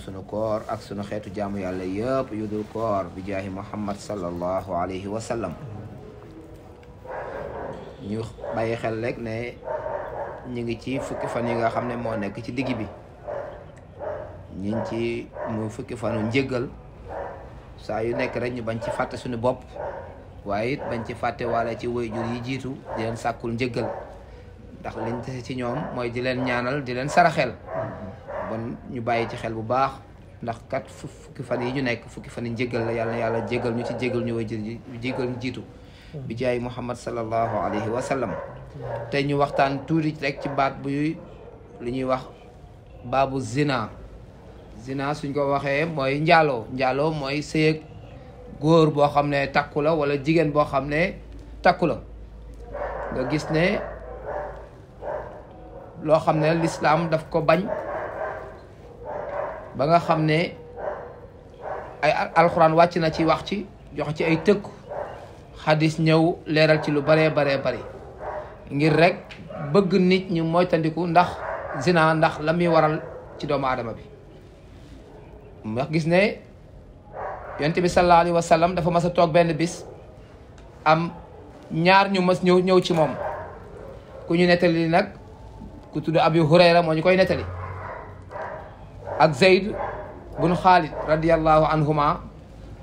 sunu koor ak sunu xeetu jaamu yàlla yëpp yu dul koor bi jaahi muhammad sallallahu alayhi wa sallam ñu bàyyi xel rek ne ñu ngi ci fukki fan yi nga xam ne moo nekk ci digg bi ñu ngi ci mu fukki fanu njëgal saa yu nekk rek ñu bañ ci fàtte suñu bopp waaye it bañ ci fàtte waale ci waajur yi jiitu di leen sàkkul njëgal ndax liñ tase ci ñoom mooy di leen ñaanal di leen xel bon ñu bàyyi ci xel bu baax ndax kat fukki fan yi ñu nekk fukki fan yi njéggal la yàlla na yàlla jégal ñu ci jégal ñu way jégal ñu jiitu bi jaay muhammad sallallahu alayhi wa sallam tey ñu waxtaan tuuti rek ci baat buy lu ñuy wax baabu zina zina suñ ko waxee mooy njaaloo njaaloo mooy sëyeg góor boo xam ne takku la wala jigéen boo xam ne takku la nga gis ne loo xam ne lislaam daf ko bañ ba nga xam ne ay alxuraan wàcc na ci wax ci jox ci ay tëkku xadis ñëw leeral ci lu baree baree bari ngir rek bëgg nit ñu moytandiku ndax zina ndax la muy waral ci doomu aadama bi ndax gis ne yonent bi sallallahu alayhi wa dafa mas a toog benn bis am ñaar ñu mas ñëw ñëw ci moom ku ñu nettali nag ku tudd Abu Hurayra moo ñu koy nettali ak Zeyd bun Xaalid radiallahu anhuma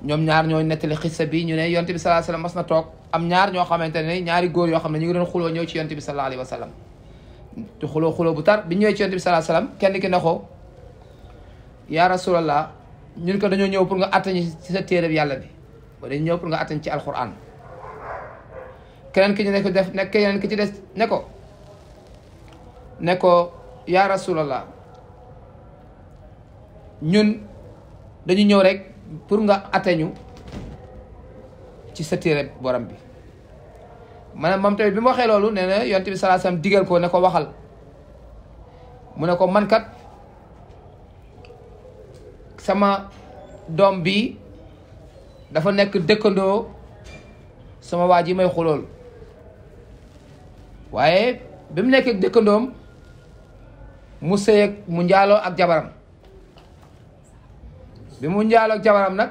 ñoom ñaar ñooy nettali xissa bi ñu ne yonte bi salaa sallam mas na toog am ñaar ñoo xamante ne ñaari góor yoo xam ne ñu ngi doon xuloo ñëw ci yonte bi salaa alayhi wa sallam xuloo xuloo bu tar bi ñëwee ci yonte bi salaa sallam ki ne ko yaa rasulallah ñun ko dañoo ñëw pour nga àttañ ci sa téereb yàlla bi ba dañu ñëw pour ci alquran keneen ki ñu ne ko def ne keneen ki ci des ne ko ne ko yaa rasulallah ñun dañu ñëw rek pour nga atteñu ci sa téere borom bi maanaam moom tamit bi mu waxee loolu nee na yonent bi sallallahu alayhi wasallam ko ne ko waxal mu ne ko mankat sama doom bi dafa nekk dëkkandoo sama waa ji may xulool waaye bi mu nekk dëkkandoom mu sëy mu njaaloo ak jabaram bi mu njaaloog jabaram nag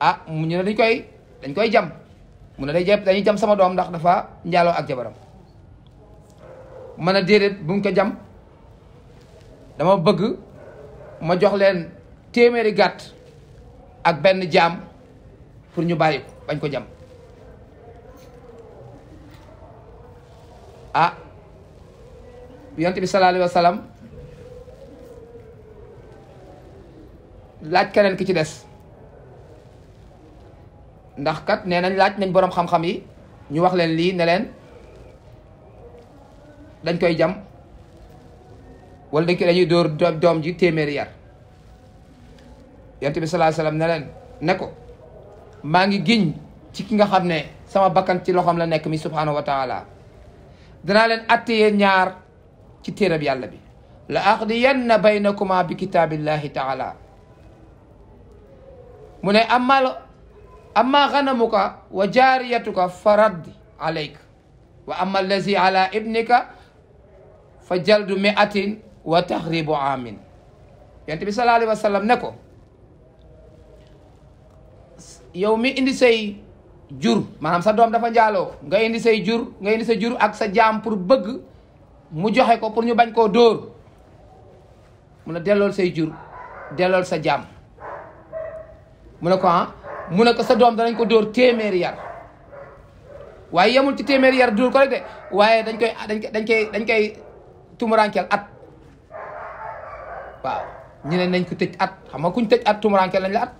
a ah, mu ne dañ koy dañ koy jam mu ne day jàpp dañuy jam sama doom ndax dafa njaaloo ak jabaram mën a déedéet bu mu ko jam dama bëgg ma jox leen téeméeri gàtt ak benn jaam pour ñu bàyyi ko bañ ko jam ah yonent bi sallallahu alayhi laaj keneen ki ci des ndax kat nee nañ laaj nañ boroom xam-xam yi ñu wax leen lii ne leen dañ koy jam wala dañ koy dañuy dóor doom ji téeméeri yar yonent bi sallallahu alayhi ne leen ne ko maa ngi giñ ci ki nga xam ne sama bakkan ci loxoom la nekk mi subhanahu wa taala danaa leen atteyee ñaar ci téerab yàlla bi la di aqdiyanna baynakuma bi kitaabillahi taala mu ne amal amma xanamuka wa jaariyatuka fa radd alayka wa amma allazi ala ibnika fa jaldu miatin wa taxribu amin yonent bi sallallahu alayhi wa ne ko yow mi indi say jur maanaam sa doom dafa njaaloo nga indi say jur nga indi sa jur ak sa jaam pour bëgg mu joxe ko pour ñu bañ koo dóor mun a dellool say jur dellool sa jaam mu ne ko ah mu ne ko sa doom danañ ko dóor téeméeri yar waaye yemul ci téeméeri yar dóor ko rek de waaye dañ koy dañ dañ koy dañ koy tumurankeel at waaw ñu ne nañ ko tëj at xam nga kuñ tëj at tumurankeel lañ at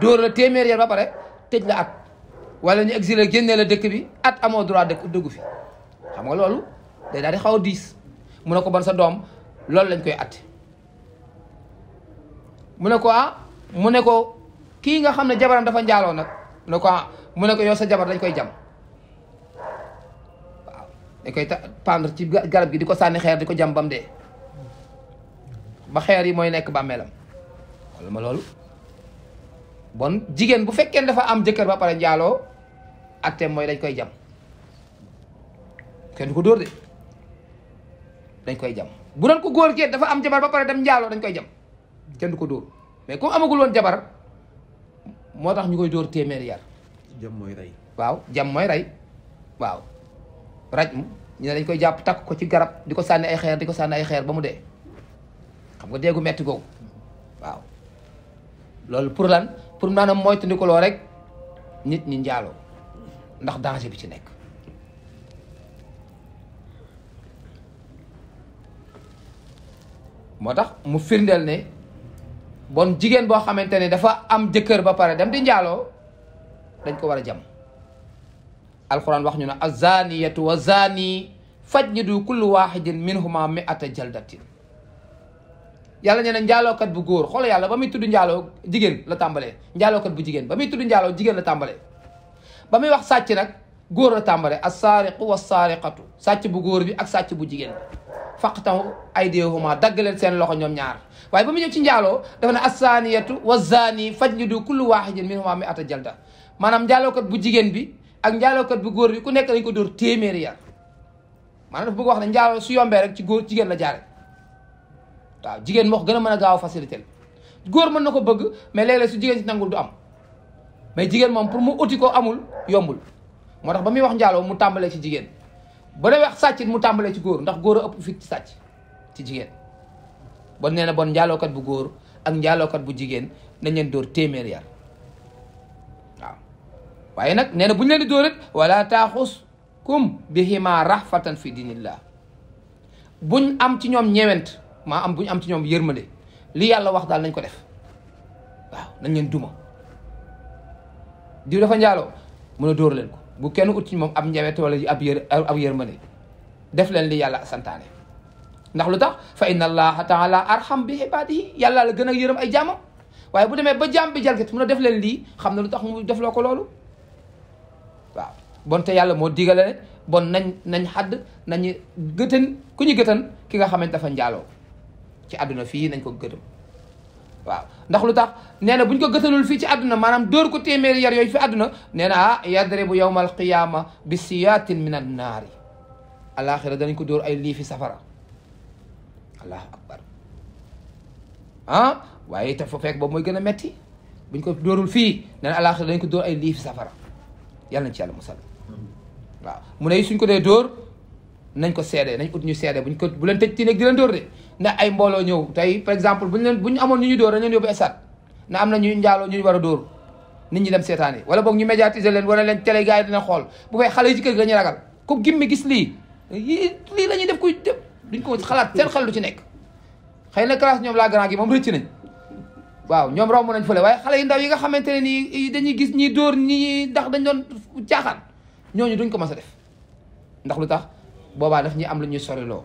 dóor la téeméeri yar ba pare tëj la at wala la dëkk bi at amoo droit dëkk dëggu fi xam nga loolu day daal xaw a diis mu ne ko ban sa doom loolu lañ koy at mu ne kii nga xam ne jabaram dafa njaaloo nag mu ne ko mu ne ko yow sa jabar dañ koy jam waaw dañ koy pendre ci gi di ko sànni xeer di ko jam ba mu ba xeer yi mooy nekk bàmmeelam wala ma loolu bon jigéen bu fekkee dafa am jëkkër ba pare njaaloo atteem mooy dañ koy jam kenn du ko dóor de dañ koy jam bu doon ko góor kee dafa am jabar ba pare dem njaaloo dañ koy jam kenn du ko dóor mais comme amagul woon jabar moo tax ñu koy dóor téeméeri yar. jam mooy rey. waaw jam mooy rey waaw raj mu ñu ne dañ koy jàpp takk ko ci garab di ko sànni ay xeer di ko sànni ay xeer ba mu dee xam nga déegu metti googu waaw loolu pour lan pour maanaam moytandiku loo rek nit ñi njaaloo ndax danger bi ci nekk moo tax mu firndeel ne bon jigéen boo xamante ne dafa am jëkkër ba pare dem di njaaloo dañ ko war a jam alquran wax ñu na ne azaniyatu wa zani fajlidu kullu wahidin minhuma mi'ata jaldatin yàlla nee na njaalookat bu góor xool yàlla ba muy tudd njaaloo jigéen la tàmbalee njaalookat bu jigéen ba muy tudd njaaloo jigéen la tàmbalee ba muy wax sàcc nag góor la tàmbale as saariqu wa saariqatu sàcc bu góor bi ak sàcc bu jigéen faqtahu aydiyahuma dagg leen seen loxo ñoom ñaar waaye ba mu ñëw ci njaaloo dafa ne assaaniyatu faj zaani fajlidu kullu waahidin minhumaa mi'ata jalda maanaam njaalookat bu jigéen bi ak njaalookat bu góor bi ku nekk dañ ko dóor téeméeri yar maanaam dafa bëgg wax ne njaaloo su yombee rek ci góor jigéen la jaare waaw jigéen moo ko a mën a gaaw facilité góor mën na ko bëgg mais léeg-léeg su jigéen si nangul du am mais jigéen moom pour mu uti ko amul yombul moo tax ba muy wax njaaloo mu tàmbalee ci jigéen bu dee wax sàccit mu tàmbalee ci góor ndax góor a ëpp fit ci sàcc ci jigéen bon nee na bon njaalookat bu góor ak njaalookat bu jigéen nañ leen dóor téeméer yar waaw waaye nag nee na buñ leen di dóor it wala taaxus kum bihima rahfatan fi dinillah buñ am ci ñoom ñewent maa am buñ am ci ñoom yërmande li yàlla wax daal nañ ko def waaw nañ leen duma diw dafa njaaloo mën a dóor leen ko bu kenn uti moom ab njawete wala ab yër ab ne def leen li yàlla a santaane ndax lu tax fa inna allaha taala arham bi ibaadihi yàlla la gën a yërëm ay jaamam waaye bu demee ba jaam bi jalgati mun a def leen lii xam na lu tax mu def loo ko loolu waaw bon te yàlla moo digale ne bon nañ nañ xadd nañu gëtën ku ñu gëtën ki nga xamante dafa njaaloo ci àdduna fii nañ ko gëtëm waaw ndax lu tax nee na bu ñu ko gëtalul fii ci àdduna maanaam dóor ko téeméeri yar yooyu fi àdduna nee na ah yadribu yawma alqiyama bi siyaatin min an naari alaxira danañ ko dóor ay liifi safara allahu akbar ah waaye itam fa fekk boobu mooy gën a metti buñ ko dóorul fii nee na alaxira ko dóor ay liifi safara yàlla nañ ci yàlla musal waaw mu ne suñ ko dee dóor nañ ko seede nañ ut ñu seede buñ ko bu leen tëj ti nekk di leen dóor de ne ay mbooloo ñëw tey par exemple buñ leen bu ñu amoon ñu ñu door dañ leen yóbbu esat na am na ñuy njaaloo ñu war a door ni ñu dem seetaani wala boog ñu médiatiser leen wane leen télé yi dina xool bu fay xale yi ci kër gi dañuy ragal ku gimmi gis lii lii la ñuy def kuy def duñ ko xalaat seen xel lu ci nekk xëy na classe ñoom la grand gi moom rëcc nañ waaw ñoom romb nañ fële waaye xale yi ndaw yi nga xamante ne nii dañuy gis ñi dóor ñi ndax dañ doon caaxaan ñooñu duñ ko mas a def ndax lu tax boobaa daf ñuy am la ñuy soriloo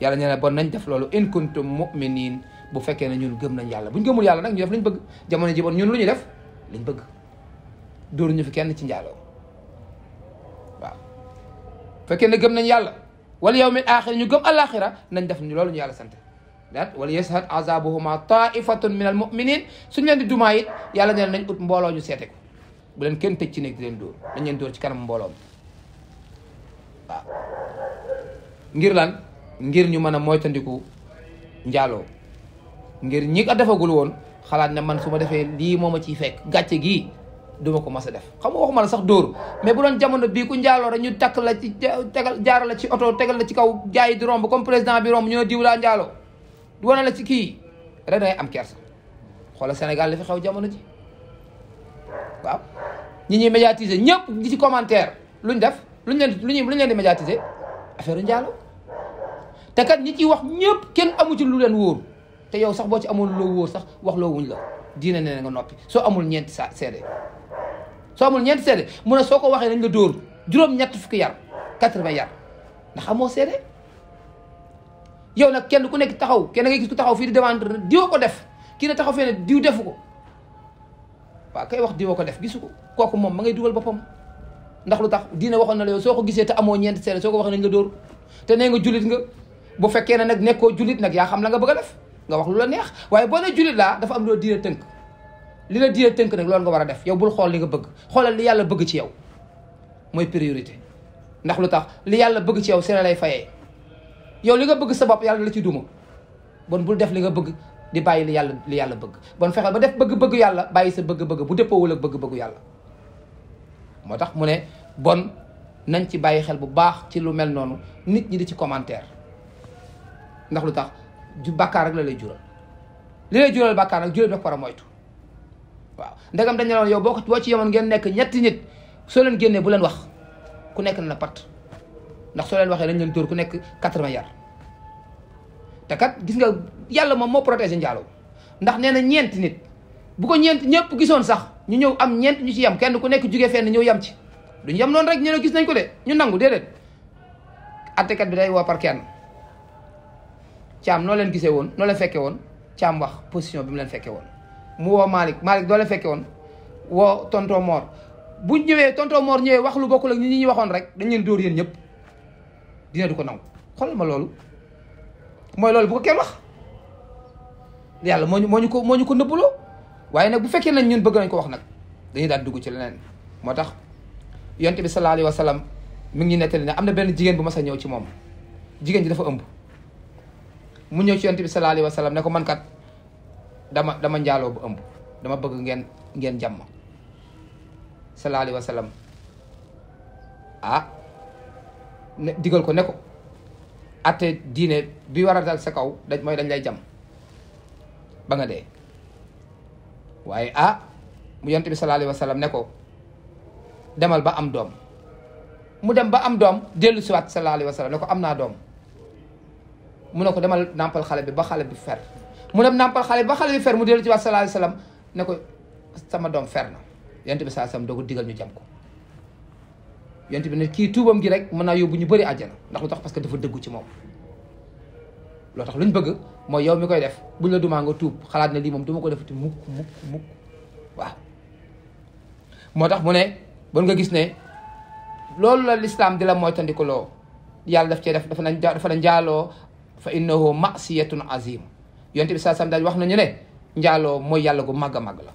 yàlla nee na bon nañ def loolu in kuntum mu'minin bu fekkee ne ñun gëm nañ yàlla buñ gëmul yàlla nag ñu def lañ bëgg jamono ji bon ñun lu ñu def liñ bëgg dóoru ñu fi kenn ci njaaloo waaw fekkee ne gëm nañ yàlla wal yawmil axir ñu gëm alaxira nañ def ñu loolu ñu yàlla sant daat wala yashhad azabuhuma taifatun min al muminin suñ leen di dumaa it yàlla nee nañ ut mbooloo ñu seete ko bu leen kenn tëj ci nekk di leen dóor nañ leen dóor ci kanam mbooloo ngir ñu mën a moytandiku njaaloo ngir ñi ko defagul woon xalaat ne man su ma defee lii moom ma ciy fekk gàcce gi duma ko mas a def xam nga ma la sax dóor mais bu doon jamono bii ku njaaloo rek ñu takk la ci tegal jaara la ci oto tegal la ci kaw jaay di romb comme président bi romb ñu ne diw laa wane la ci kii rek am kersa xoolal Sénégal li fi xew jamono ji waaw ñi ñuy médiatiser ñëpp di ci commentaire luñ def luñ leen luñu luñ leen di médiatiser affaire u te kat ñi ciy wax ñëpp kenn amu lu leen wóor te yow sax boo ci amoon loo wóor sax wax loo wuñ la diine nee na nga noppi soo amul ñeenti sa seede soo amul ñeenti mu ne soo ko waxee nañ la dóor juróom fukki yar quatre-vingts yar ndax amoo seede yow nag kenn ku nekk taxaw kenn nga gis ku taxaw fii di demande diwa ko def kii ne taxaw ne diw defu ko waaw kay wax diwa ko def gisu ko kooku moom ma ngay dugal boppam ndax lu tax diina waxoon na la soo ko gisee te amoo ñeenti seede soo ko waxee nañ la dóor te nee nga jullit nga bu fekkee ne nag nekkoo jullit nag yaa xam la nga bëgg a def nga wax lu la neex waaye boo ne jullit laa dafa am loo diine tënk li la diine tënk nag loolu nga war a def yow bul xool li nga bëgg xoolal li yàlla bëgg ci yow mooy priorité ndax lu tax li yàlla bëgg ci yow si lay fayee yow li nga bëgg sa bopp yàlla la ci duma bon bul def li nga bëgg di bàyyi li yàlla li yàlla bëgg bon fexeel ba def bëgg-bëgg yàlla bàyyi sa bëgg-bëgg bu dëppoowul ak bëg bëggu yàlla moo tax mu ne bon nañ ci bàyyi xel bu baax ci lu mel noonu nit ñi di ci commentaire ndax lu tax ju bàkkaar rek la lay jural li lay jural bàkkaar nag jural bi war waaw ndegam dañ ne yow boo ko boo ci yemoon ngeen nekk ñetti nit soo leen génnee bu leen wax ku nekk na la pat ndax soo leen waxee dañ leen dóor ku nekk quatre-vingts yar te kat gis nga yàlla moom moo protégé njaaloo ndax nee na ñeenti nit bu ko ñeent ñëpp gisoon sax ñu ñëw am ñeent ñu ci yem kenn ku nekk jugee fenn ñëw yem ci duñ yem noon rek ñu na gis nañ ko de ñu nangu déedéet attekat bi day waa par kenn Thiam noo leen gisee woon noo leen fekkee woon Thiam wax position bi mu leen fekkee woon mu woo Malick Malick doo leen fekkee woon woo tonton moor buñ ñëwee tonton moor ñëwee wax lu bokkul ak ñi ñi waxoon rek dañ leen dóor yéen ñëpp dina ko naw xoolal ma loolu mooy loolu bu ko kenn moo ñu moo ko moo ñu ko bu fekkee nañ ñun bëgg nañ ko wax nag dañuy daan dugg ci leneen moo tax yonte bi sallallahu alayhi wa sallam mi ngi nettali ne am na benn jigéen bu mas a ñëw ci moom jigéen ji dafa ëmb mu ñëw ci yonent bi sallallahu alayhi wa sallam ne ko man kat dama njaaloo bu ëmb dama bëgg ngeen ngeen jàmm sallallahu alayhi wa ah ne digal ko ne ko atte diine bi war a dal sa kaw dañ mooy dañ lay jam ba nga dee waaye ah mu yonent bi sallallahu alayhi wa sallam ne ko demal ba am doom mu dem ba am doom dellu siwaat sallallahu alayhi wa sallam ne ko am naa doom mu ne ko demal nàmpal xale bi ba xale bi fer mu ne nàmpal xale bi ba xale bi fer mu dellu ci waat sallallahu alayhi wasallam ne ko sama doom fer na yent bi sallallahu alayhi wasallam doo ko digal ñu jam ko yent bi ne kii tuubam gi rek mën naa yóbbu ñu bari àjjana ndax lu tax parce que dafa dëggu ci moom loo tax lu ñu bëgg mooy yow mi koy def buñ la dumaa nga tuub xalaat ne lii moom duma ko defati mukk mukk mukk waaw moo tax mu ne bon nga gis ne loolu la lislaam di la mooy tandikuloo yàlla daf cee def dafa na dafa na njaaloo fa innahu masiyatun azima yonte bi saasam daal wax nañu ne njaaloo mooy yàlla gu màgg a màgg la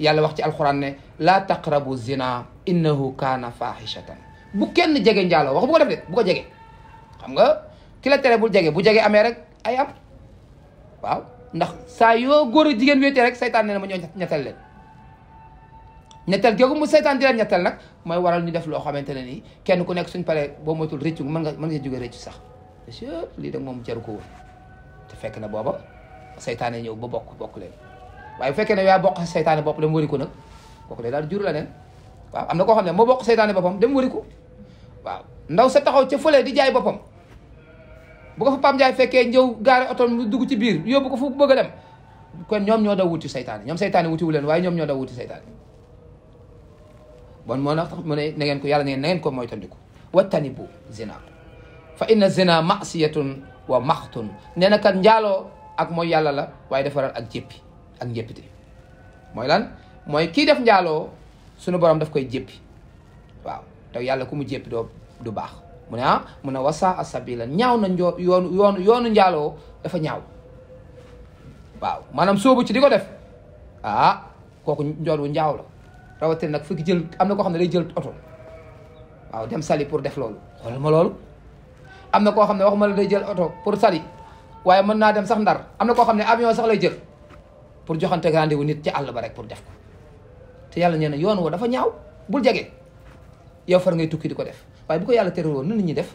yàlla wax ci alxuraan ne laa taqrabu zina innahu kaana fahishatan bu kenn jege njaaloo wax bu ko def de bu ko jege xam nga ki la tere bul jege bu jege amee rek ay am waaw ndax saa yoo góor a jigéen wéetee rek saytaan ne na ñoo ñettal leen ñettal googu mu saytaan di leen ñettal mooy waral ñu def loo xamante ne nii kenn ku nekk suñ paree boo moytul rëccu mën nga nga jóge rëccu sax monsieur lii nag moom jaru ko woon te fekk na booba seytaane ñëw ba bokk bokk leen waaye fekkee ne yaa bokk seytaane bopp dem wari ko nag kooku day daal jur la neen waaw na koo xam ne moo bokk seytaane boppam dem wari ko waaw ndaw sa taxaw ca fële di jaay boppam bu ko fa Pam Ndiaye fekkee njëw gaare oto mu dugg ci biir yóbbu ko fu bëgg a dem kon ñoom ñoo daw wuti seytaane ñoom seytaane wutiwu leen waaye ñoom ñoo daw wuti seytaane bon moo tax mu ne na ngeen ko yàlla na ngeen ko moytandiku bu zina fa inna zina masiyatun wa maxtun nee na kat njaaloo ak mooy yàlla la waaye defaral ak jéppi ak njéppite mooy lan mooy kii def njaaloo sunu borom daf koy jëppi waaw te yàlla ku mu jéppi du baax mu ne ah mu ne wasa asabila ñaaw na njoo yoonu yoonu yoonu njaaloo dafa ñaaw waaw maanaam soobu ci di ko def ah kooku njool wu njaaw la rawatina nag fukki jël am na koo xam ne day jël oto waaw dem sali pour def loolu xoolal ma loolu am na koo xam ne waxuma la day jël oto pour sali waaye mën naa dem sax ndar am na koo xam ne avion sax lay jël pour joxante rendez-vous nit ci àll ba rek pour def ko te yàlla nee na yoon woo dafa ñaaw bul jege yow far ngay tukki di ko def waaye bu ko yàlla terewul woon nan nit ñi def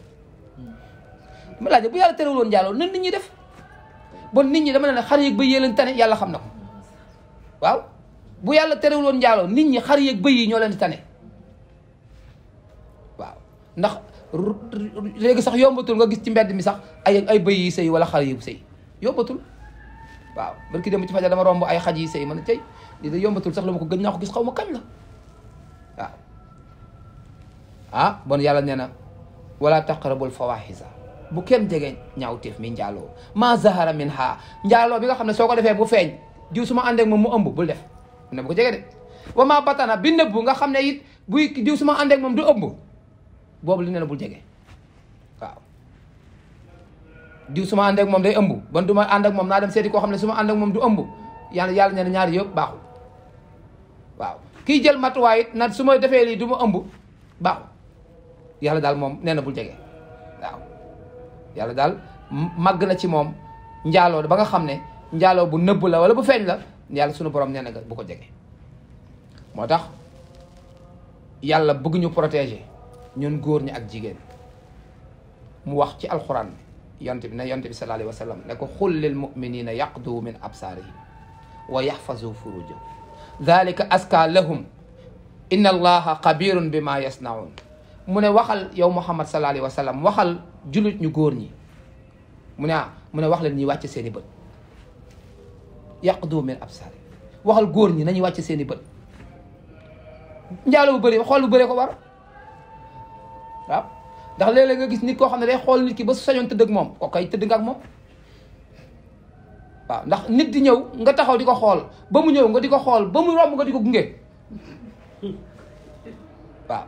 ma laaj bu yàlla terewul woon njaaloo nan nit def bon nit ñi dama ne xar yëg bëy yee leen tane yàlla xam na ko waaw bu yàlla terewul woon njaaloo nit ñi xar yëg bëy yi ñoo leen di tane waaw ndax léegi sax yombatul nga gis ci mbedd mi sax ay ay bëy yi sëy wala xar yi sëy yombatul waaw barki dem ci fajar dama romb ay xaj yi ma man tey di da yombatul sax la ma ko gën naa ko gis xaw ma kañ waaw ah bon yàlla nee na wala taqrabul fawaxisa bu kenn jege ñaawteef mi njaaloo ma zahara min ha njaaloo bi nga xam ne soo ko defee bu feeñ diw suma ma àndeek moom mu ëmb bul def ne bu ko jege de wa ma batana bi nëbbu nga xam ne it buy diw su ma àndeek du ëmb boobu li ne la bul jege waaw diw su ma moom day ëmb ban du ma ànd ak moom naa dem seeti koo xam ne su ma ànd moom du ëmb yàlla yàlla nee na ñaari yëpp baaxul kii jël matuwaay it nag su ma defee lii du ma ëmb daal moom nee na bul jege yàlla daal màgg na ci moom njaaloo ba nga xam ne njaaloo bu nëbb la wala bu feeñ la yàlla sunu borom nee bu ko jege moo tax yàlla bëgg ñu ñun góor ñi ak jigéen mu wax ci alxuraan yonte bi ne yonte bi sallallahu alayhi wa sallam ne ko xul lil muminina yaqdu min absaarihim wa yaxfazu furujahum dalika aska lahum inna allaha xabirun bi ma yasnaun mu ne waxal yow muhammad sallallahu alayhi wa sallam waxal julit ñu góor ñi mu ne ah mu ne wax leen ñuy wàcc seen i bët yaqdu min absaarihim waxal góor ñi nañuy wàcc seen i bët njaalo bu bëri xool bu bëri ko war waaw ndax léeg nga gis nit koo xam ne day xool nit ki ba sañoon tëdd moom ko ay tëdd nga ak moom ndax nit di ñëw nga taxaw di ko xool ba mu ñëw nga di ko xool ba mu romb nga di ko gunge waaw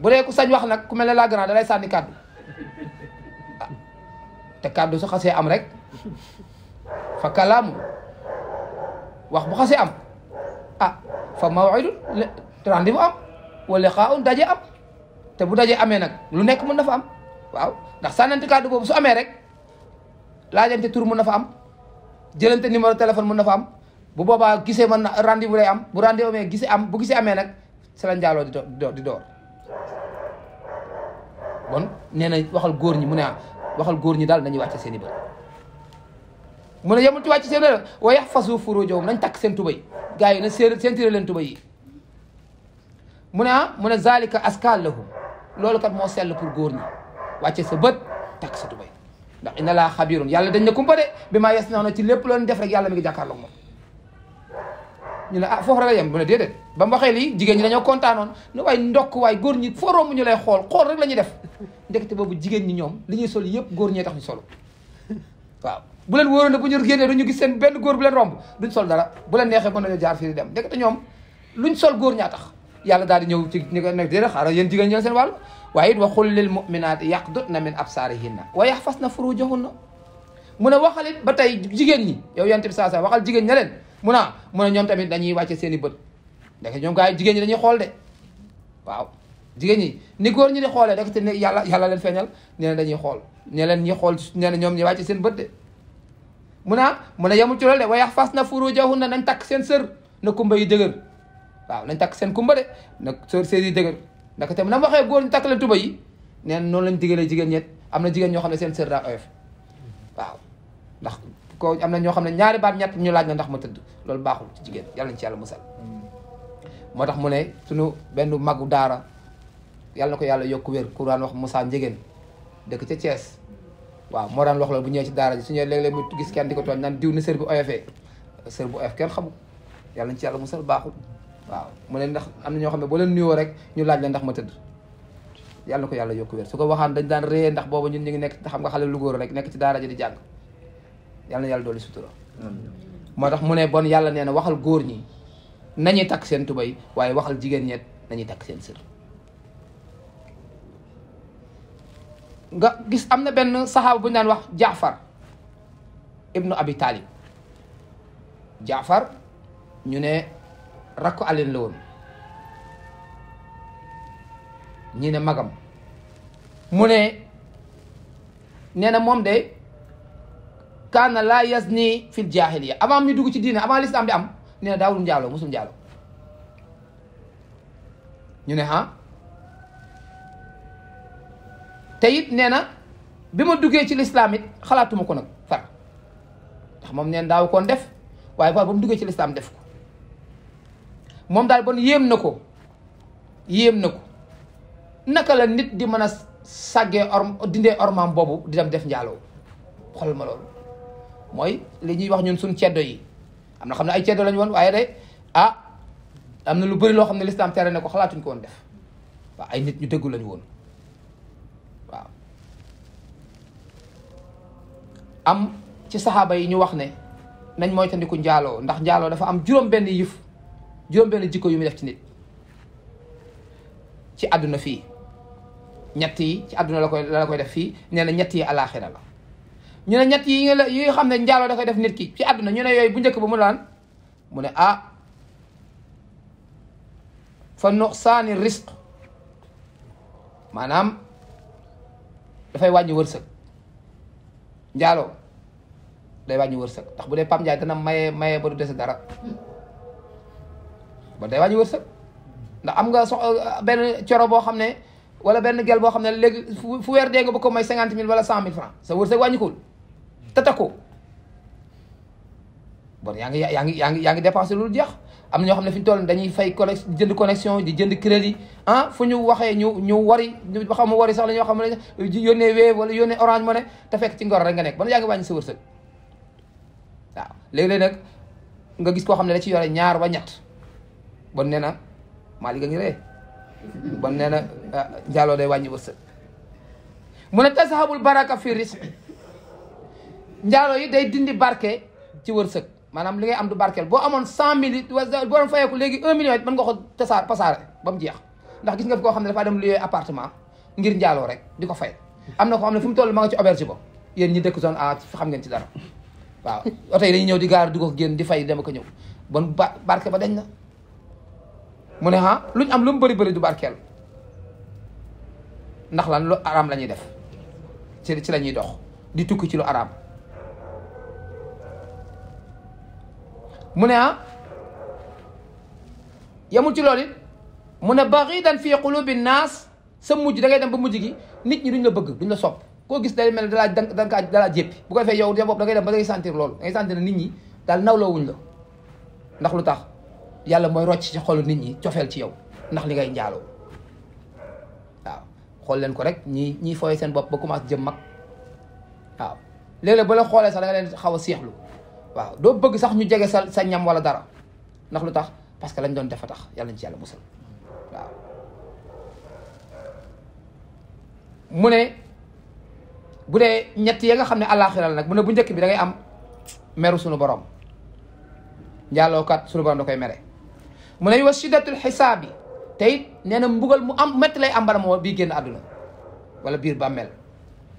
bu dee ku sañ wax nag ku mel ne la grand da lay te kàddu su am rek fa kalaamu wax am ah fa mawidun rendez am wa liqaaun daje am te bu dajee amee nag lu nekk mën nafa am waaw ndax sànnante kàddu boobu su amee rek laajante tur mën na fa am jëlante numéro téléphone mën na fa am bu boobaa gisee mën na rendez-vous lay am bu rendez-vous amee gisee am bu gisee amee nag si la njaaloo di door di door bon nee na waxal góor ñi mu ne ah, waxal góor ñi daal nañuy wàcce seen i bët mu ne yemul ci wàcc seen bët wa yaxfasu nañ takk seen tubay gars yi na seen seen leen tubay yi mu ne ah mu ne zalika loolu kat moo sell pour góor ñi wàcce sa bët takk sa tubay ndax inna laa xabirun yàlla dañ ne kumpa de bi maa yes na ci lépp loon def rek yàlla mi ngi jàkkaarloog moom ñu la ah foofu rek la bu ne déedéet ba mu waxee lii jigéen ñi dañoo kontaanoon ne waaye ndokk waaye ñi foo romb ñu lay xool xool la ñuy def ndekete boobu jigéen ñi ñoom li ñuy sol yëpp góor ñee tax ñu solo waaw bu leen wóoroon ne bu ñu génnee duñu gis seen benn góor bu leen romb duñ sol dara bu leen neexee mën nañoo jaar fii di dem ndekete ñoom ñu sol góor ñaa tax yàlla daal di ñëw ci ni ko nekk déedéet xaaral yéen jigéen ñoo seen wàll waaye it wa qul lil mu'minaati yaqdudna min absaarihinna wa yaxfasna furujahunna mu ne waxalit ba tey jigéen ñi yow yonent bi saa saa jigéen ña leen mu naa mu ñoom tamit dañuy wàcce seen i bët ndeke ñoom gars jigéen ñi dañuy xool de waaw jigéen ñi ni góor ñi xoolee rek te ne yàlla yàlla leen feeñal nee na dañuy xool ne leen ñi xool nee na ñoom ñi wàcce seen bët de mu naa mu ne yemul ci loolu de wa yaxfasna furujahunna nañ takk seen sër na kumba yi dëgër waaw nañ takk seen kumba de nag soo seen yi dëgër na mu waxee góor ñu takk la tuba yi nee noonu lañ digalee jigéen ñett am na jigéen ñoo xam ne seen sër daa oyof waaw ndax ko am na ñoo xam ne ñaari baat ñett ñu laaj na ndax ma tëdd loolu baaxul ci jigéen yàlla nañ ci yàlla musal moo tax mu ne suñu benn magu daara yàlla ko yàlla yokk wér ku daan wax Moussa Njëgeen dëkk ca Thiès waaw moo daan wax loolu bu ñëwee ci daara ji su ñëwee léeg gis kenn di ko tooñ naan diw na sër bi oyofee sër bu oyof kenn xamul yàlla nañ ci yàlla musal baaxul waaw mu ne ndax am na ñoo xam ne boo leen rek ñu laaj la ndax ma tëdd yàlla na ko yàlla yokk wér su ko waxaan dañ daan réyee ndax boobu ñun ñu ngi nekk xam nga xale lu góor rek nekk ci daara ji di jàng yàlla na yàlla dooli sutura moo tax mu ne bon yàlla nee na waxal góor ñi nañuy takk seen tubay waaye waxal jigéen ñeet nañuy takk seen sër nga gis am na benn saxaaba bu ñu daan wax jaafar ibnu abi talib jaafar ñu ne rakku Aline la woon ñi ne magam mu ne nee na moom de kaana laa yas yazni fil jaahiliya avant mi dugg ci diine avant l'islam bi am nee na daawul njaaloo musul njaaloo ñu ne ah te it nee na bi ma duggee ci lislaam it xalaatuma ko nag far ndax moom neen daaw koon def waaye far ba mu duggee ci lislaam def ko moom daal bon yéem na ko yéem na ko naka la nit di mën a sàggee orm dindee ormaam boobu di dem def njaaloo xool ma loolu mooy li ñuy wax ñun suñ ceddo yi am na xam ne ay ceddo lañu woon waaye de ah, am na lu bëri loo xam ne lislaam tere ko xalaatuñ ko def waaw ay nit ñu dëggu lañu woon waaw am ci saxaaba yi ñu wax ne nañ moytandiku njaaloo ndax njaaloo dafa am juróom benn yëf juróom-benn jikko yu muy def ci nit ci àdduna fii ñett ci àdduna la koy koy def fii nee na ñett yi alaaxira la ñu yi nga xam ne njaaloo da koy def nit ki ci àdduna ñu ne bu njëkk ba mu laan mu ne ah fa nuqsaani risq maanaam dafay wàññi wërsëg njaaloo day wàññi wërsëg ndax bu dee Pam Ndiaye dana maye maye ba du dese dara ba day wàññi wërsëg ndax am nga so euh, benn coro boo xam ne wala benn gel boo xam ne léegi fu weer dee nga ba ko cinquante mille wala cent mille franc sa wërsëg wàññikul te takkoo bon yaa ngi yaa ngi yaa ngi yaa ngi dépensé lu jeex am na xam ne fi ñu toll fay connex jënd connexion di jënd crédit ah fu ñu waxee ñu ñu wari ñu ba xam wari sax la ñoo xam ne yónnee Wave wala yónnee Orange Money te fekk ci ngor rek nga nekk ban yaa ngi wàññi sa wërsëg nga gis koo xam ne da ci yore ñaar ba ñett bon nee na Malick a ngi ree bon nee na njaaloo ah, day wàññi wërsëg mu ne tasahabul baraka fi risq njaaloo yi day dindi barke ci wërsëg maanaam li ngay am du barkeel boo amoon cent mille it boo doon fayeeku léegi un million it mën nga ko tasaar pasaare ba mu jeex ndax gis nga fi koo xam ne dafaa dem luyee appartement ngir njaaloo rek di ko fay am na ko am ne fu mu toll ma nga ci auberge ba yen ñi dëkk zone A xam ngeen ci dara waaw oto yi dañuy ñëw di gaar du ko génn di fay dem ko ñëw bon barke ba dañ na mu ne ah lu ñu am lu mu bëri bëri du barkeel ndax lan lu araam la ñuy def ci ci la dox di tukki ci lu araam mu ne ah yamul ci loolu it mu ne baxidan fii qulubi naas sa mujj da ngay dem ba mujj gi nit ñi duñ la bëgg duñ la sopp koo gis day mel ne dalaa danka dalaa jéppi bu ko defee yow da bopp da ba da ngay sentir loolu da ngay sentir ne nit ñi daal nawloo wuñ la ndax lu tax yàlla mooy rocc ci xolu nit ñi cofeel ci yow ndax li ngay njaaloo waaw xool leen ko rek ñi ñiy fooye seen bopp ba commencé jëm mag waaw léeg-léeg ba la xoolee sax da leen xaw a seexlu waaw doo bëgg sax ñu jege sa sa ñam wala dara ndax lu tax parce que lañ doon defa tax yàlla ñu ci yàlla waaw mu ne bu dee ñett ya nga xam ne àllaaxira la nag mu ne bu njëkk bi dangay ngay am meru sunu borom njaalookat sunu borom da koy mere mu ne wa shiddatul xisaabi te it nee na mbugal mu am métti lay am moo bii génn àdduna wala biir bàmmeel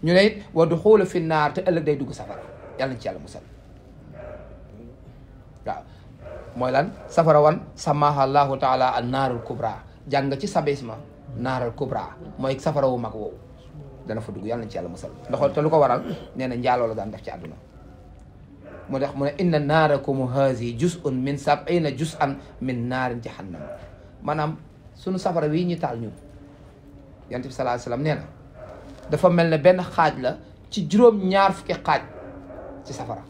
ñu ne it wa duxuulu fi naar te ëllëg day dugg safara yàlla nañ ci yàlla musal mooy lan safara wan samaha allahu taala an naarul kubra jàng nga ci sabisma naaral kubra mooy safara wu mag woowu dana fa dugg yàlla nañ ci yàlla musal ndoxol te lu ko waral nee na njaaloo daan def ci àdduna moo tax mu ne inna naarakum haasi juz'un min sab'ina juz'an min naarin jahannam maanaam sunu safara wi ñu taal ñu yonent bi sallallahu na dafa mel ne benn xaaj la ci juróom ñaar fukki xaaj ci safara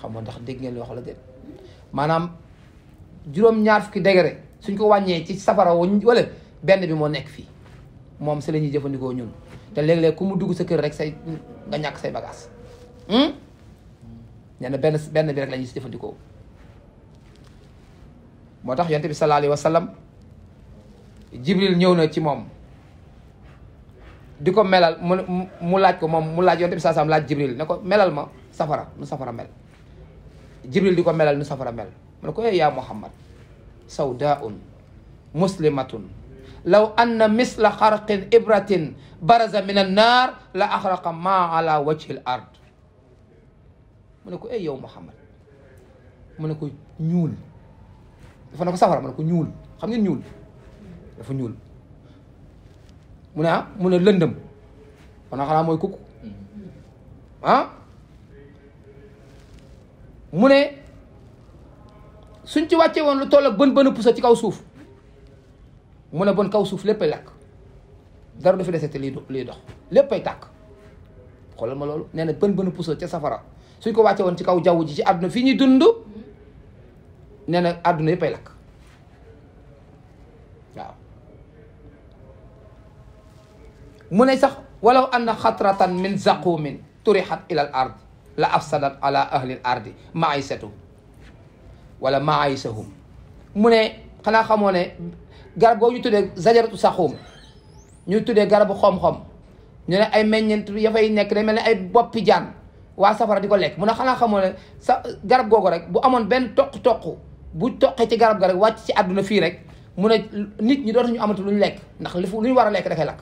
xam nga ndax dégg ngeen li wax la déet maanaam juróom fukki degré suñ ko wàññee ci safara wala benn bi moo nekk fii moom si lañuy jëfandikoo ñun te léeg-léeg ku mu dugg sa kër rek say nga ñàkk say bagages hmm? nee na benn benn bi rek la ñuy jëfandikoo moo tax yonent bi sallallahu alayhi jibril ñëw na ci moom di ko melal mu laaj ko moom mu laaj yonent bi sallallahu jibril ne ko melal ma safara nu safara mel jibril di ko melal nu safara mel mu ne ko ee eh, yaa muhammad sawdaun muslimatun law anna misla xarqin ibratin baraza min an la axraqa ma ala ard mu ne ko ey eh, yow Muhammad mu ne ko ñuul dafa ne ko safara mu ne ko ñuul xam ngeen ñuul dafa ñuul mu ne ah mu ne lëndëm xanaa xanaa mooy kukk ah mu ne suñ ci wàcce woon lu toll bën bën pusa ci kaw suuf mu ne bon kaw suuf léppay lakk dara du fi desete liy dox léppay tàkk xoolal ma loolu nee na bën bën pusa ca safara suñ ko wàcce woon ci kaw jaww ji ci àdduna fii ñuy dund nee na àdduna yëpp ay mu ne sax wala anna xatratan min zaqumin turixat ila al ard la afsadat ala ahli al ardi wala maisahum mu ne xanaa xamoo ne garab googu ñu tuddee zajaratu saxuum ñu tuddee garabu xom-xom ñu ne ay meññent ya fay nekk day mel ne ay boppi waa safara di ko lekk mu ne xanaa xamoo ne sa garab googu rek bu amoon benn toq-toq bu toqee ci garab ga rek wàcc ci àdduna fii rek mu ne nit ñi dootuñu amatu lu ñu lekk ndax li fu lu ñu war a lekk dafay lakk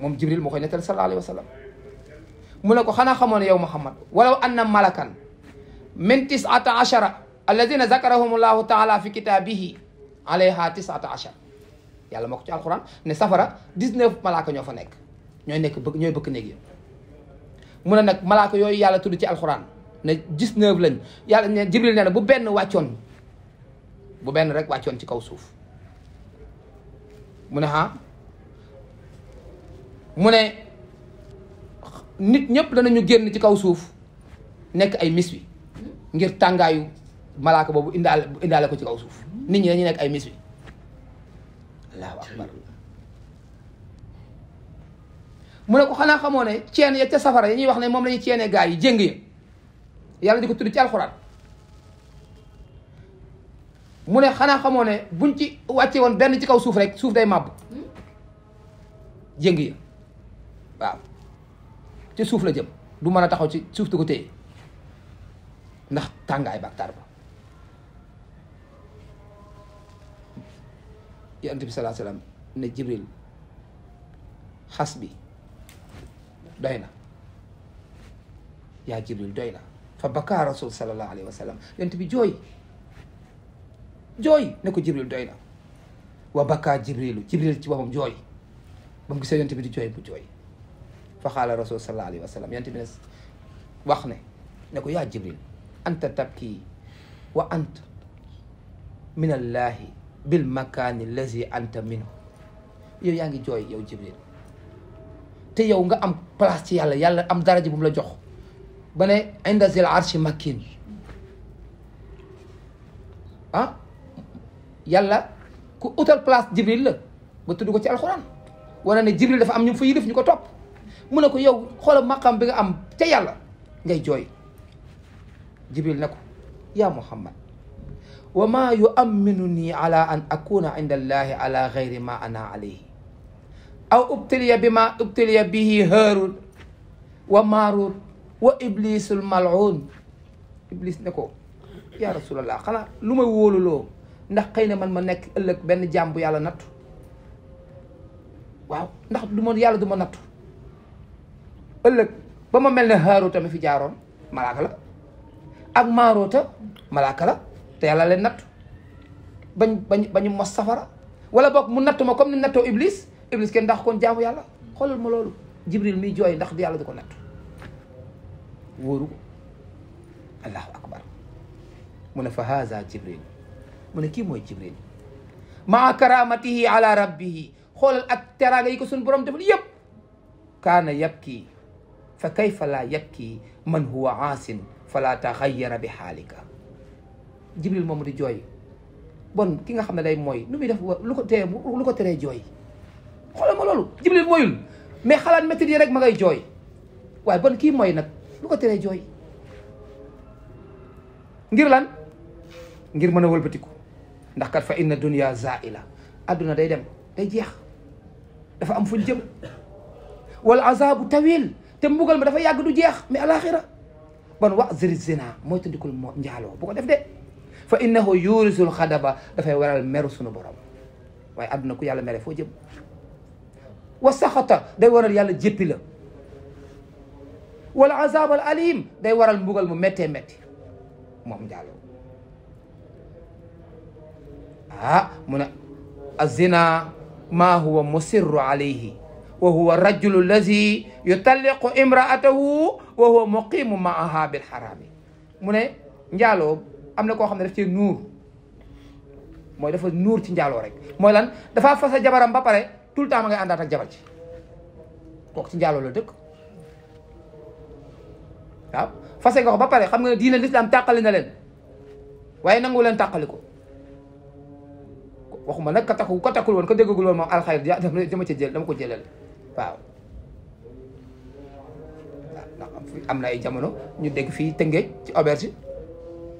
moom jibril moo koy nettal sallallahu alayhi mu ne ko xanaa xamoon ne yow muhammad wala anna malakan min tisata achara alladina zakarahum llahu taala fi kitaabihi alayha tisata achara yàlla moo ci alquran ne safara 19 malaaka ñoo fa nekk ñooy nekk bëgg ñooy bëkk néeg yi mu ne nag malaaka yooyu yàlla tudd ci alxuraan ne 19 lañ yàlla ne jibril nee bu benn wàccoon bu benn rek wàccoon ci kaw suuf mu ne ah mu ne nit ñëpp danañu génn ci kaw suuf nekk ay mis wi ngir tàngaayu malaaka boobu indaale indaale ko ci kaw suuf nit ñi dañuy nekk ay mis wi mu ne ko xanaa xamoo ne ceen ya ca safara ya ñuy wax ne moom la ñuy gaa yi jéng ya yàlla di ko tudd ci alxuraan mu ne xanaa xamoo ne buñ ci wàcce woon benn ci kaw suuf rek suuf day màbb jéng ya waaw ci suuf la jëm du mën a taxaw ci suuf di ko téye ndax tàngaay bàktaar ba yonent bi salaa salaam ne jibril xas bi doy na yaa jibril doy na fa baka rasul sallallahu alayhi wa sallam yonent bi jooy jooy ne ko jibril doy na wa baka jibrilu jibril ci boppam jooy ba mu gisee yonent bi di jooy bu jooy fa xaala rasul sallallahu alayhi wa sallam yonent bi ne wax ne ne ko yaa jibril anta tabki wa anta min allahi bil makaani allazi anta minhu yow yaa ngi jooy yow jibril te yow nga am place ci yàlla yàlla am daraja bu mu la jox ba ne inda zil arshi makkin ah yàlla ku utal place jibril la ba tudd ko ci alxuraan wane ne jibril dafa am ñu fa yilif ñu ko topp mu ne ko yow xoola maqam bi am ca yàlla ngay jooy jibril ne ko yaa muhammad wa ma yuamminu nii ala an akuna inda allahi ala gayri ma ana alayhi aw ubtiliya bi ma ubtiliya bihi haarut wa maarut wa iblisul mal'un ne ko yaa rasulallah xanaa lu may wóoluloo ndax xëy na man ma nekk ëllëg benn jaam bu yàlla nattu waaw ndax du ma yàlla du ma nattu ëllëg ba ma mel ne haaruta mi fi jaaroon malaaka la ak maaroota malaaka la te yàlla leen nattu bañ bañ bañu mos safara wala boog mu nattu ma comme ni nattoo iblis iblis kenn ndax kon jaamu yàlla xoolal ma loolu jibril miy jooy ndax di yàlla di ko nattu wóoru ko allahu akbar mu ne fa haza jibril mu ne kii mooy jibril maa karamatihi ala rabbihi xoolal ak teraanga yi ko suñu borom defal yëpp kaana yabki fa kayfa laa yabki man huwa aasin fala taxayara bi xaalika jibril moomu di jooy bon ki nga xam ne day mooy nu muy def lu ko teree lu ko teree jooy loolu moyul mais xalaat métit yi rek ma ngay jooy waaye bon kii mooy nag lu ko jooy ngir lan ngir mën a wëlbatiku ndax kat fa inna dunya zaila adduna day dem day jeex dafa am fuñ jëm wal azabu tawil te mbugal ma dafa yàgg du jeex mais alaxira bon wa ziri zina mooy tandikul moo njaaloo bu ko def de fa innahu yurisul xadaba dafay waral meru sunu borom waaye na ku yàlla mere foo jëm wa saxata day waral yàlla jéppi la wala azab al alim day waral mbugal mu méttee métti moom Diallo ah mu ne azina ma huwa musirru alayhi wa huwa rajulu lazi yutalliqu imraatahu wa huwa muqimu maaha bil xaraami mu ne njaaloo am na koo xam ne daf cee nuur mooy dafa nuur ci njaaloo rek mooy lan dafa fasa jabaram ba pare tout le temps ma ngay àndaat ci njaaloo dëkk waaw fase nga ko ba pare xam nga diine lislaam tàqali na leen waaye nangu leen tàqali ko waxuma nag ka takku ka takkul woon ka déggagul woon moom alxayr dama ca jël dama ko jëlal waaw am na ay jamono ñu dégg fii Tëngéej ci auberge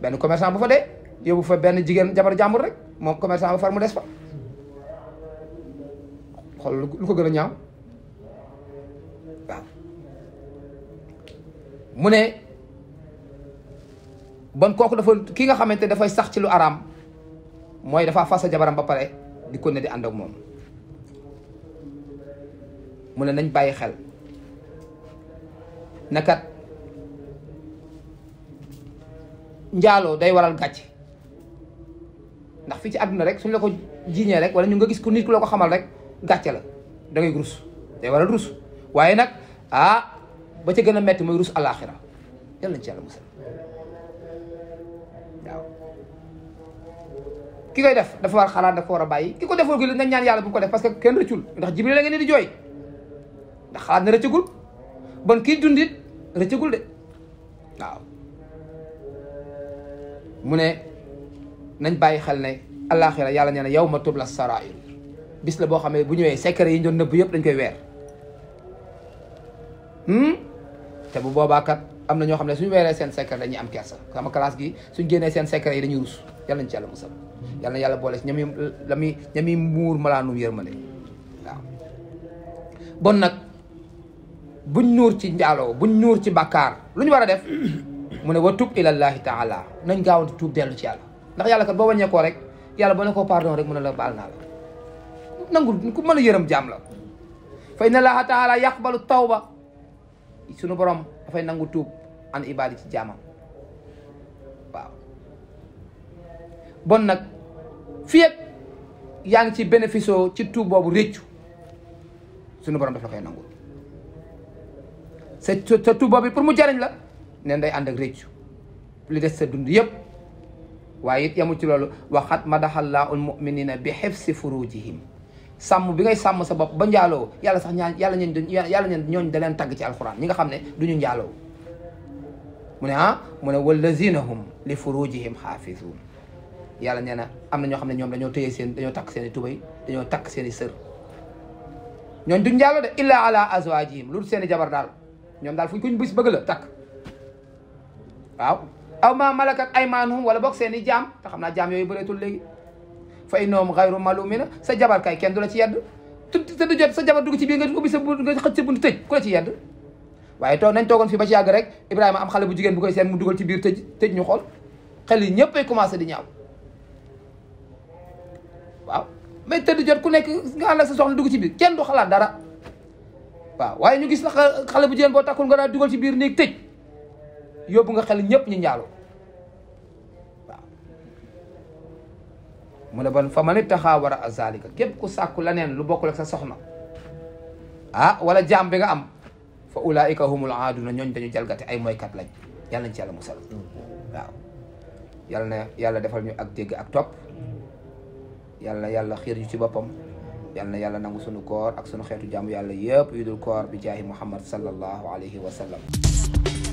benn commerçant bu fa dee yóbbu fa benn jigéen jabar jàmbur rek moom commercant ba far mu des fa xool lu ko gën a ñaaw waaw mu ne ban kooku dafa ki nga xamante dafay sax ci lu araam mooy dafa fas a jabaram ba pare di ko ne di ànd ak moom mu ne nañ bàyyi xel nakat njaaloo day waral gàcc ndax fii ci àdduna rek suñ la ko jiiñee rek wala ñu nga gis ku nit ku la ko xamal rek gàcce la da ngay rus day waral rus waaye nag ah ba ca gën a mett mooy rus alaaxira yal nañ ci yàlla musal waaw ki koy def dafa war xalaat dafa war a bàyyi ki ko defoo gi nañ ñaan yàlla bu ko def parce que kenn rëccul ndax jibril la nga ne di jooy ndax xalaat na rëccagul bon kii dundit rëccagul de waaw mu ne nañ bàyyi xel ne alaaxira yàlla nee na yow ma tubla sarair bis la boo xam ne bu ñëwee secret yi ñu doon nëbb yëpp koy weer hmm? bu boobaa kat am na ñoo xam ne suñu weeree seen secret dañuy am kersa sama classe gi suñ génnee seen secret dañuy rus yàlla nañ ci yàlla yàlla na yàlla boole si ñami la muy ñami muur malaanum yërmande nag buñ nuur ci njaaloo buñ ñuur ci bàkkaar lu ñu war a def mu ne wa tub ilallahi taala nañ gaawantu tuub dellu ci yàlla ndax yàlla kat boo wàññeekoo rek yàlla boo ne koo pardon rek mu ne la baal naa la nangu nangul ku mën a yërëm jaam la fa inna allaha taala yaqbalu tawba sunu borom dafay nangu tuub an ibaadi ci jaamam waaw bon nag fii ak yaa ngi ci bénéfice ci tuub boobu réccu sunu borom daf koy nangu sa sa tuub boobu pour mu jariñ la ne day ànd ak réccu li des sa dund yëpp waaye it yamul ci loolu waxat madaxallaahu almuminina bi xifsi furujihim sàmm bi ngay sàmm sa bopp ba njaaloo yàlla sax ñaan yàlla ñeen yàlla ñeen ñooñ da leen tagg ci alxuraan ñi nga xam ne du ñu njaaloo mu ne ah mu ne wallazina hum li furujihim xaafizuun yàlla nee na am na ñoo xam ne ñoom dañoo téye seen dañoo takk seen i tubay ñoo takk seen i sër ñooñ du njaaloo de illa ala azwajihim lu seen i jabar daal ñoom daal fuñ kuñ bis bëgg la takk waaw aw ma malakat aymanuhum wala bok seen i jaam te xam naa jaam yooyu bëreetul léegi fa innahum ghayru malumina sa jabar kay kenn du la ci yedd te du jot sa jabar dugg ci biir nga ubbi sa nga xëj sa bunt tëj ku la ci yedd waaye toog nañ toogoon fii ba ci yàgg rek Ibrahima am xale bu jigéen bu koy seen mu dugal ci biir tëj ñu xool xel yi ñëpp ay commencé di ñaaw waaw mais ku nekk nga ànd sa soxna dugg ci biir kenn du xalaat dara waaw ñu gis la xale bu jigéen boo takkul nga daal dugal ci biir néeg tëj yóbbu nga xel ñëpp ñu ñaalu mu ne ban fa ma nit taxaa war a zalika képp ku sàkku leneen lu bokkul ak sa soxna ah wala jaam bi nga am fa ulaika humul aaduna ñooñ dañu jalgate ay mooykat lañ yàlla nañ ci yàlla musal waaw yàlla na yàlla defal ñu ak dégg ak topp yàlla na yàlla xiir ñu ci boppam yàlla na yàlla nangu sunu koor ak sunu xeetu jaamu yàlla yëpp yu dul koor bi jaahi muhammad sallallahu alayhi wa